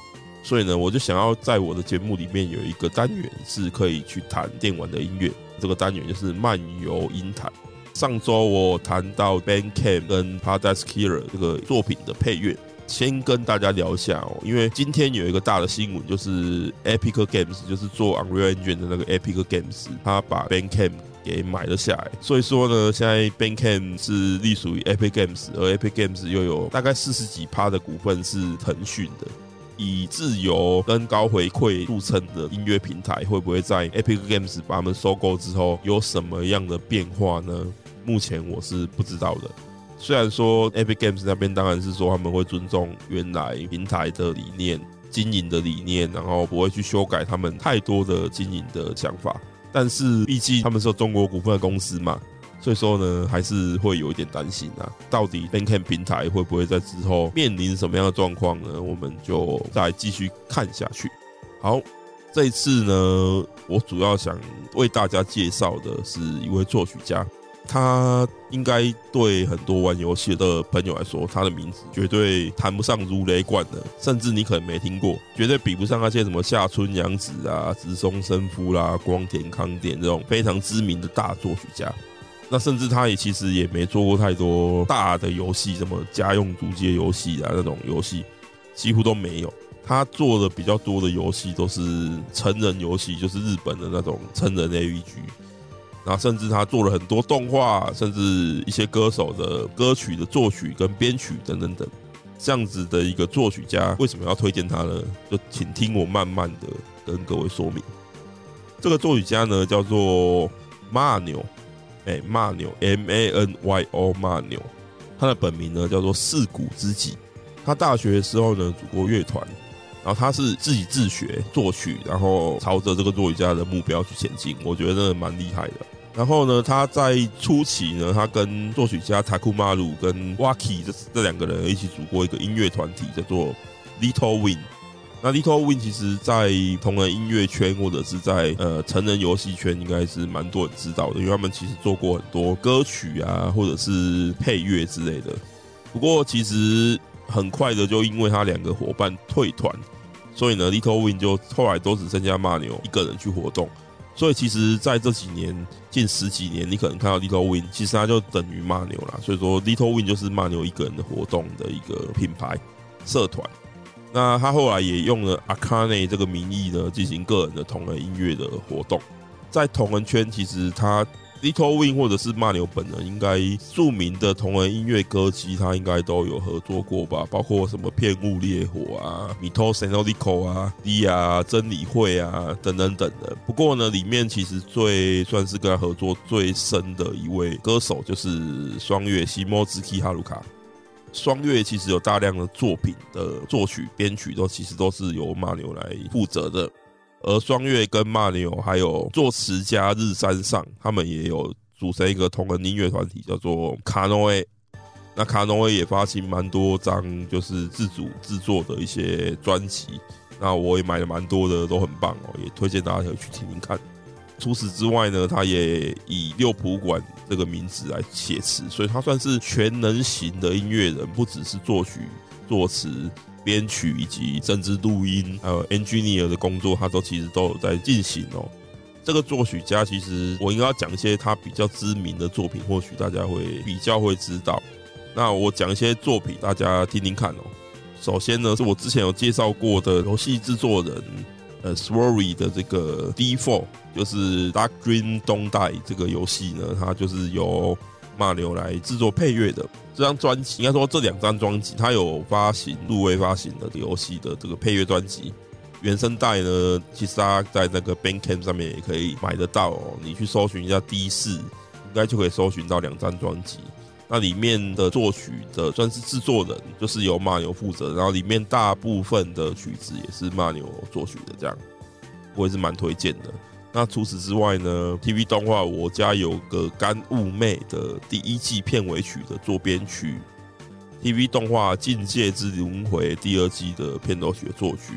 所以呢，我就想要在我的節目裡面有一個單元是可以去談電玩的音樂，這個單元就是漫遊音談。上周我談到 Bandcamp 跟 Paradise Killer 這個作品的配樂，先跟大家聊一下哦。因為今天有一個大的新聞，就是 Epic Games 就是做 Unreal Engine 的那個 Epic Games，他把 Bandcamp 給買了下來。所以說呢，現在 Bandcamp 是隸屬於 Epic Games，而 Epic Games 又有大概四十幾趴的股份是騰訊的。以自由跟高回饋著稱的音樂平台，會不會在 Epic Games 把他們收購之後有什麼樣的變化呢？目前我是不知道的。雖然說 Epic Games 那邊當然是說他們會尊重原來平台的理念、經營的理念，然後不會去修改他們太多的經營的想法，但是畢竟他們是中國股份的公司嘛。所以說呢，還是會有一點擔心啊。到底 Bandcamp 平台會不會在之後面臨什麼樣的狀況呢？我們就再繼續看下去。好，這次呢，我主要想為大家介紹的是一位作曲家，他應該對很多玩遊戲的朋友來說，他的名字絕對談不上如雷貫耳，甚至你可能沒聽過，絕對比不上那些什麼下村陽子啊、植松伸夫啦、啊、光田康典這種非常知名的大作曲家。那甚至他也其實也沒做過太多大的遊戲，什麼家用主機遊戲啊那種遊戲，幾乎都沒有。他做的比較多的遊戲都是成人遊戲，就是日本的那種成人 AVG。那甚至他做了很多動畫，甚至一些歌手的歌曲的作曲跟編曲等等等。這樣子的一個作曲家為什麼要推薦他呢？就請聽我慢慢的跟各位說明。這個作曲家呢叫做 MANYO。哎、欸，馬牛 M A N Y O 馬牛，他的本名呢叫做四谷之己。他大學的時候呢組過樂團，然後他是自己自學作曲，然後朝着這個作曲家的目標去前進。我覺得真的蠻厲害的。然後呢，他在初期呢，他跟作曲家塔庫馬魯跟 Waki 這這兩個人一起組過一個音樂團體，叫做 Little Win。那 Little Win 其實，在同人音樂圈或者是在呃成人遊戲圈，應該是蠻多人知道的，因為他們其實做過很多歌曲啊，或者是配樂之類的。不過，其實很快的就因為他兩個夥伴退團，所以呢 Little Win 就後來都只剩下 MANYO 一個人去活動。所以，其實在這幾年近十幾年，你可能看到 Little Win，其實它就等於 MANYO 啦。所以說 Little Win 就是 MANYO 一個人的活動的一個品牌社團。那他後來也用了 Akane 這個名義呢，進行個人的同人音樂的活動。在同人圈，其實他 Little Wing 或者是 MANYO 本人應該，應該著名的同人音樂歌姬，他應該都有合作過吧？包括什麼片霧烈火啊、Mitose Noriko 啊、DIA、啊、真理會啊等等等等的，不過呢，裡面其實最算是跟他合作最深的一位歌手，就是霜月 Shimotsuki Haruka。霜月其實有大量的作品的作曲、編曲都其實都是由 MANYO 來負責的，而霜月跟 MANYO 還有作詞家日山上，他們也有組成一個同人音樂團體叫做卡諾埃。那卡諾埃也發行蠻多張就是自主製作的一些專輯，那我也買了蠻多的，都很棒哦，也推薦大家可以去聽聽看。除此之外呢，他也以六浦館這個名字來寫詞，所以他算是全能型的音樂人，不只是作曲、作詞、編曲以及甚至錄音，還有 engineer 的工作，他都其實都有在進行哦。這個作曲家其實我應該要講一些他比較知名的作品，或許大家會比較會知道。那我講一些作品，大家聽聽看哦。首先呢，是我之前有介紹過的遊戲製作人。呃、uh，Sworry 的這個 D4 就是 Dark Dreams Don't Die 這個遊戲呢，它就是由 MANYO 來制作配樂的。這張專輯應該說，這兩張專輯，它有發行入圍發行的這遊戲的這個配樂專輯原聲帶呢，其實大家在那個 Bandcamp 上面也可以買得到哦。你去搜尋一下 D4，應該就可以搜尋到兩張專輯。那裡面的作曲的算是製作人，就是由 MANYO 負責。然後裡面大部分的曲子也是 MANYO 作曲的，這樣我也是蠻推薦的。那除此之外呢，TV 動畫我家有個干物妹的第一季片尾曲的作編曲，TV 動畫境界之輪迴第二季的片頭曲的作曲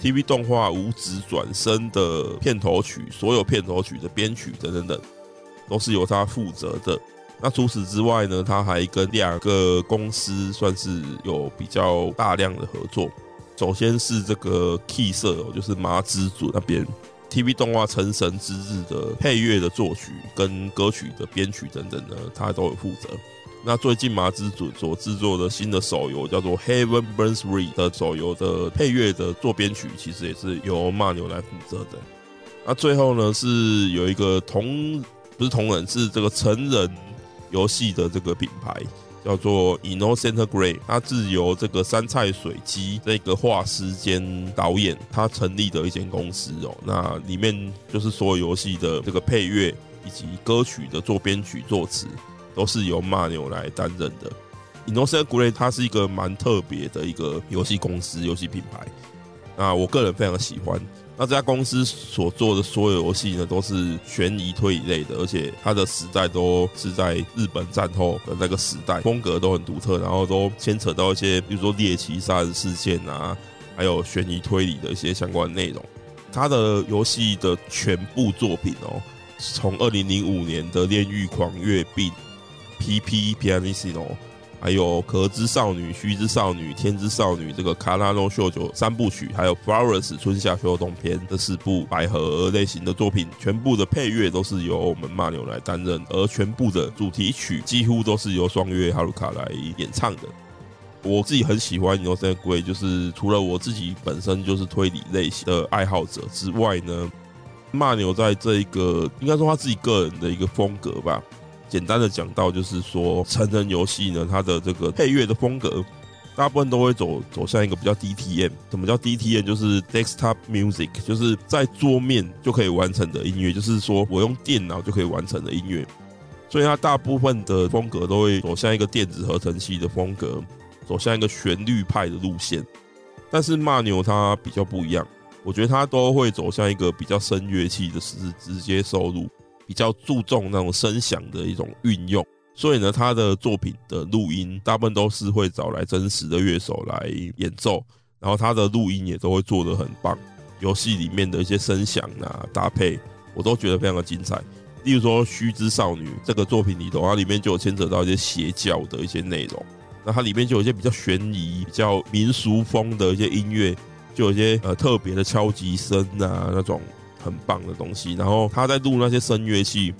，TV 動畫無職轉生的片頭曲，所有片頭曲的編曲等等等，都是由他負責的。那除此之外呢，他還跟兩個公司算是有比較大量的合作。首先是這個 Key 社哦，就是麻枝准那邊，TV 動畫《成神之日》的配樂的作曲跟歌曲的編曲等等呢，他都有負責。那最近麻枝准所制作的新的手遊叫做《Heaven Burns Red》的手遊的配樂的作編曲，其實也是由 MANYO 來負責的。那最後呢，是有一個同不是同人，是這個成人。遊戲的這個品牌叫做 Innocent Grey。它是由這個杉菜水姬這個畫師兼導演他成立的一間公司哦。那裡面就是所有遊戲的這個配樂以及歌曲的作編曲作詞，都是由 MANYO 來擔任的。Innocent Grey 它是一個蠻特別的一個遊戲公司遊戲品牌，那我個人非常喜歡。那這家公司所做的所有遊戲呢，都是懸疑推理類的，而且它的時代都是在日本戰後的那個時代，風格都很獨特，然後都牽扯到一些，比如說獵奇殺人事件啊，還有懸疑推理的一些相關內容。它的遊戲的全部作品哦，從二零零五年的《煉獄狂月病》P P Pianissimo 哦。還有《殼之少女》《虛之少女》《天之少女》這個《卡拉諾秀九三部曲》，還有《Flowers 春夏秋冬篇》這四部百合類型的作品，全部的配樂都是由我們 MANYO 來擔任，而全部的主題曲幾乎都是由霜月哈魯卡來演唱的。我自己很喜歡 Innocent Grey 就是除了我自己本身就是推理類型的愛好者之外呢，MANYO 在這一個應該說他自己個人的一個風格吧。簡單的講到，就是說成人遊戲呢，它的這個配樂的風格，大部分都會走走向一個比較 DTM。什麼叫 DTM？就是 Desktop Music，就是在桌面就可以完成的音樂，就是說我用電腦就可以完成的音樂。所以它大部分的風格都會走向一個電子合成器的風格，走向一個旋律派的路線。但是 MANYO 它比較不一樣，我覺得它都會走向一個比較生樂器的是直接收入。比較注重那種聲響的一種運用，所以呢，他的作品的錄音大部分都是會找來真實的樂手來演奏，然後他的錄音也都會做得很棒。遊戲裡面的一些聲響啊搭配，我都覺得非常的精彩。例如說《虛之少女》這個作品裡頭，它裡面就有牽扯到一些邪教的一些內容，那它裡面就有一些比較懸疑、比較民俗風的一些音樂，就有一些呃特別的敲擊聲啊那種。很棒的東西。然後他在錄那些生樂器，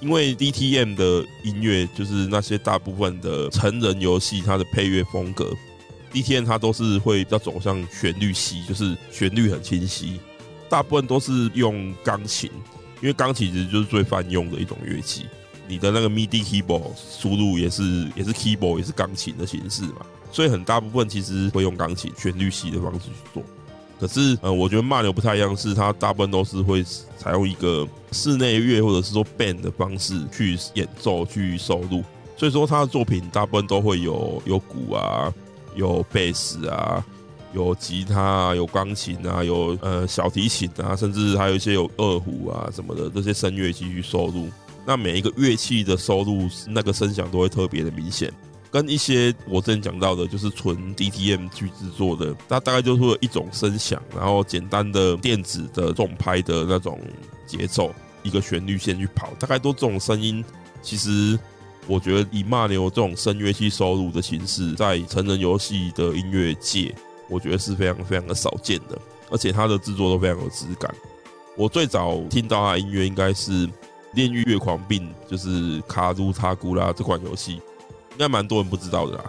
因為 D T M 的音樂，就是那些大部分的成人遊戲，它的配樂風格 D T M，它都是會比較走向旋律系，就是旋律很清晰。大部分都是用鋼琴，因為鋼琴其實就是最泛用的一種樂器。你的那個 MIDI keyboard 輸入也是，也是 keyboard，也是鋼琴的形式嘛，所以很大部分其實會用鋼琴旋律系的方式去做。可是，呃、嗯，我覺得 MANYO 不太一樣是，是他大部分都是會採用一個室內樂或者是說 band 的方式去演奏，去收錄，所以說他的作品大部分都會有有鼓啊、有貝斯啊、有吉他啊、有鋼琴啊、有呃小提琴啊，甚至還有一些有二胡啊什麼的這些生樂器去收錄。那每一個樂器的收錄，那個聲響都會特別的明顯。跟一些我之前講到的，就是純 D T M 去製作的，那大概就是會有一種聲響，然後簡單的電子的這種拍的那種節奏，一個旋律線去跑，大概都這種聲音。其實我覺得以 MANYO 這種生樂器收入的形式，在成人遊戲的音樂界，我覺得是非常非常的少見的，而且它的製作都非常有質感。我最早聽到它的音樂應該是《戀獄月狂病》，就是《卡魯塔古拉》這款遊戲。應該蠻多人不知道的啦，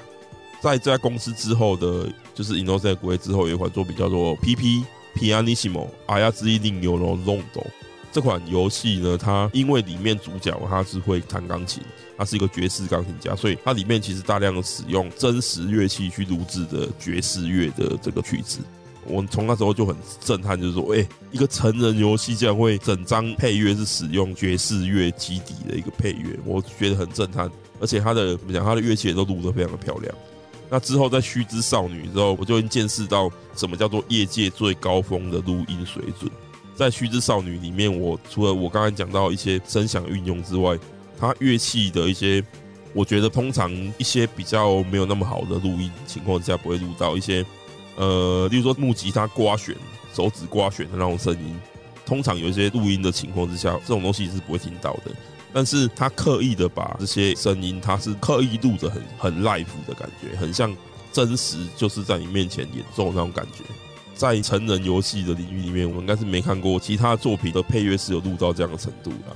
在，在這家公司之後的，就是 Innocent Grey 之後有一款作品叫做《P P Pianissimo》，啊 a z 一另有了《Rondo 這款遊戲呢，它因為裡面主角他是會彈鋼琴，他是一個爵士鋼琴家，所以它裡面其實大量的使用真實樂器去錄製的爵士樂的這個曲子。我從那時候就很震撼，就是說，誒、欸，一個成人遊戲竟然會整張配樂是使用爵士樂基底的一個配樂，我覺得很震撼。而且它的怎麼講，它的樂器也都錄得非常的漂亮。那之後在《虛之少女》之後，我就已經見識到什麼叫做業界最高峰的錄音水準。在《虛之少女》裡面，我除了我剛才講到一些聲響運用之外，它樂器的一些，我覺得通常一些比較沒有那麼好的錄音情況下，不會錄到一些。呃，例如說木吉他刮弦，手指刮弦的那種聲音，通常有一些錄音的情況之下，這種東西是不會聽到的。但是他刻意的把這些聲音，他是刻意錄得很很 live 的感覺，很像真實就是在你面前演奏的那種感覺。在成人遊戲的領域裡面，我們應該是沒看過其他作品的配樂是有錄到這樣的程度的。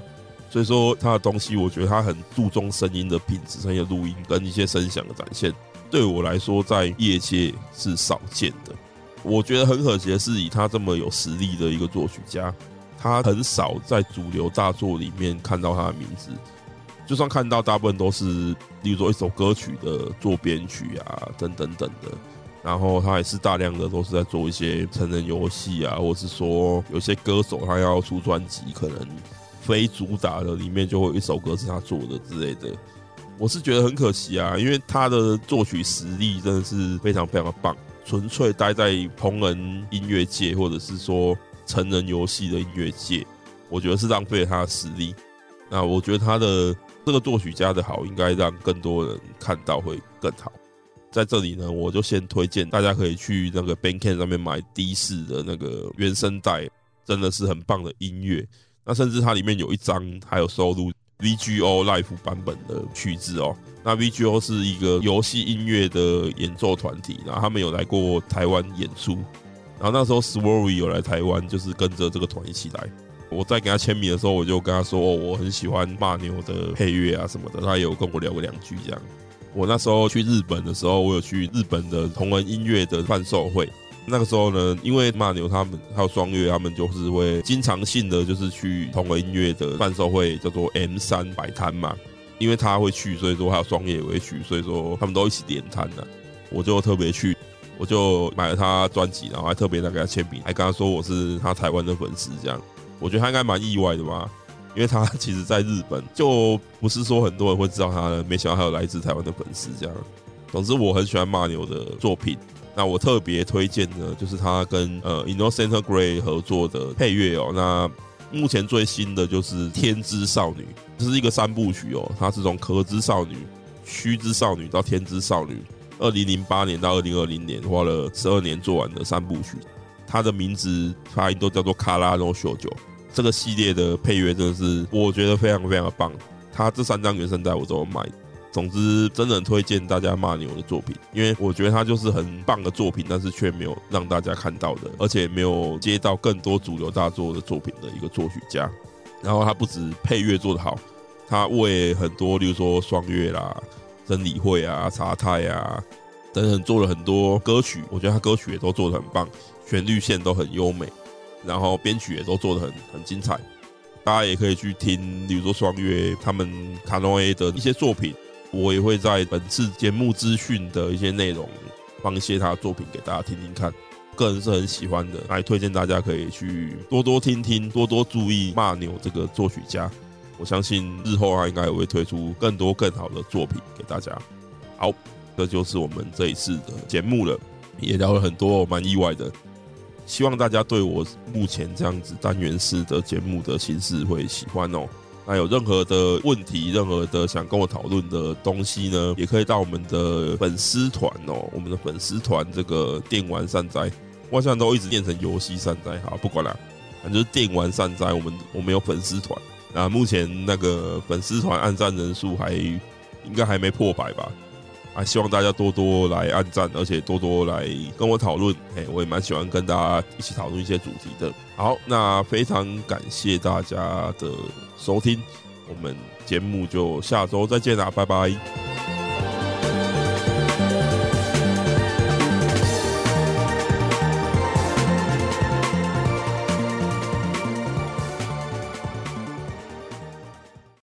所以說他的東西，我覺得他很注重聲音的品質，聲音的錄音跟一些聲響的展現。對我來說，在業界是少見的。我覺得很可惜的是，以他這麼有實力的一個作曲家，他很少在主流大作裡面看到他的名字。就算看到，大部分都是，例如說一首歌曲的作編曲啊，等等等的。然後他也是大量的都是在做一些成人遊戲啊，或是說有些歌手他要出專輯，可能非主打的裡面就會有一首歌是他做的之類的。我是覺得很可惜啊，因為他的作曲實力真的是非常非常的棒。純粹待在同人音樂界，或者是說成人遊戲的音樂界，我覺得是浪費了他的實力。那我覺得他的這個作曲家的好，應該讓更多人看到會更好。在這裡呢，我就先推薦大家可以去那個 b a n k c a m p 上面買 D 四的那個原聲帶，真的是很棒的音樂。那甚至它裡面有一張還有收錄。VGO Live 版本的曲子哦，那 VGO 是一個遊戲音樂的演奏團體，然後他們有來過台灣演出，然後那時候 Swery 有來台灣，就是跟着這個團一起來。我在給他簽名的時候，我就跟他說，哦、我很喜歡罵牛的配樂啊什麼的，他有跟我聊過兩句這樣。我那時候去日本的時候，我有去日本的同人音樂的販售會。那個時候呢，因為馬牛他們還有雙月，他們就是會經常性的就是去同過音樂的販售會，叫做 M 三擺攤嘛。因為他會去，所以說還有雙月也會去，所以說他們都一起點攤的。我就特別去，我就買了他專輯，然後還特別的給他簽名，還跟他說我是他台灣的粉絲這樣。我覺得他應該蠻意外的吧，因為他其實在日本就不是說很多人會知道他，沒想到他有來自台灣的粉絲這樣。總之我很喜歡馬牛的作品。那我特別推薦的，就是他跟呃 Innocent Grey 合作的配樂哦。那目前最新的就是《天之少女》，這是一個三部曲哦。他是從《殼之少女》《虛之少女》少女到《天之少女》，二零零八年到二零二零年花了十二年做完的三部曲。他的名字發音都叫做卡拉諾秀九。這個系列的配樂真的是我覺得非常非常棒。他這三張原聲帶我都有買。總之，真的很推薦大家罵牛的作品，因為我覺得他就是很棒的作品，但是卻沒有讓大家看到的，而且沒有接到更多主流大作的作品的一個作曲家。然後他不止配樂做得好，他為很多，比如說雙月啦、真理會啊、茶太啊等等做了很多歌曲，我覺得他歌曲也都做得很棒，旋律線都很優美，然後編曲也都做得很很精彩。大家也可以去聽，比如說雙月他們卡諾 A 的一些作品。我也會在本次節目資訊的一些內容放一些他的作品給大家聽聽看，個人是很喜歡的，還推薦大家可以去多多聽聽，多多注意 MANYO 這個作曲家。我相信日後他應該也會推出更多更好的作品給大家。好，這就是我們這一次的節目了，也聊了很多，蠻意外的。希望大家對我目前這樣子單元式的節目的形式會喜歡哦。那有任何的問題，任何的想跟我討論的東西呢，也可以到我們的粉絲團哦。我們的粉絲團這個電玩善哉，我好像都一直念成遊戲善哉，好，不管了，反正就是電玩善哉。我們我們有粉絲團啊，那目前那個粉絲團按讚人數還應該還沒破百吧？啊，希望大家多多來按讚，而且多多來跟我討論。誒、欸，我也蠻喜歡跟大家一起討論一些主題的。好，那非常感謝大家的。收聽我們節目，就下周再見啦，拜拜。